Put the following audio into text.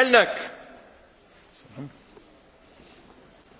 elnök!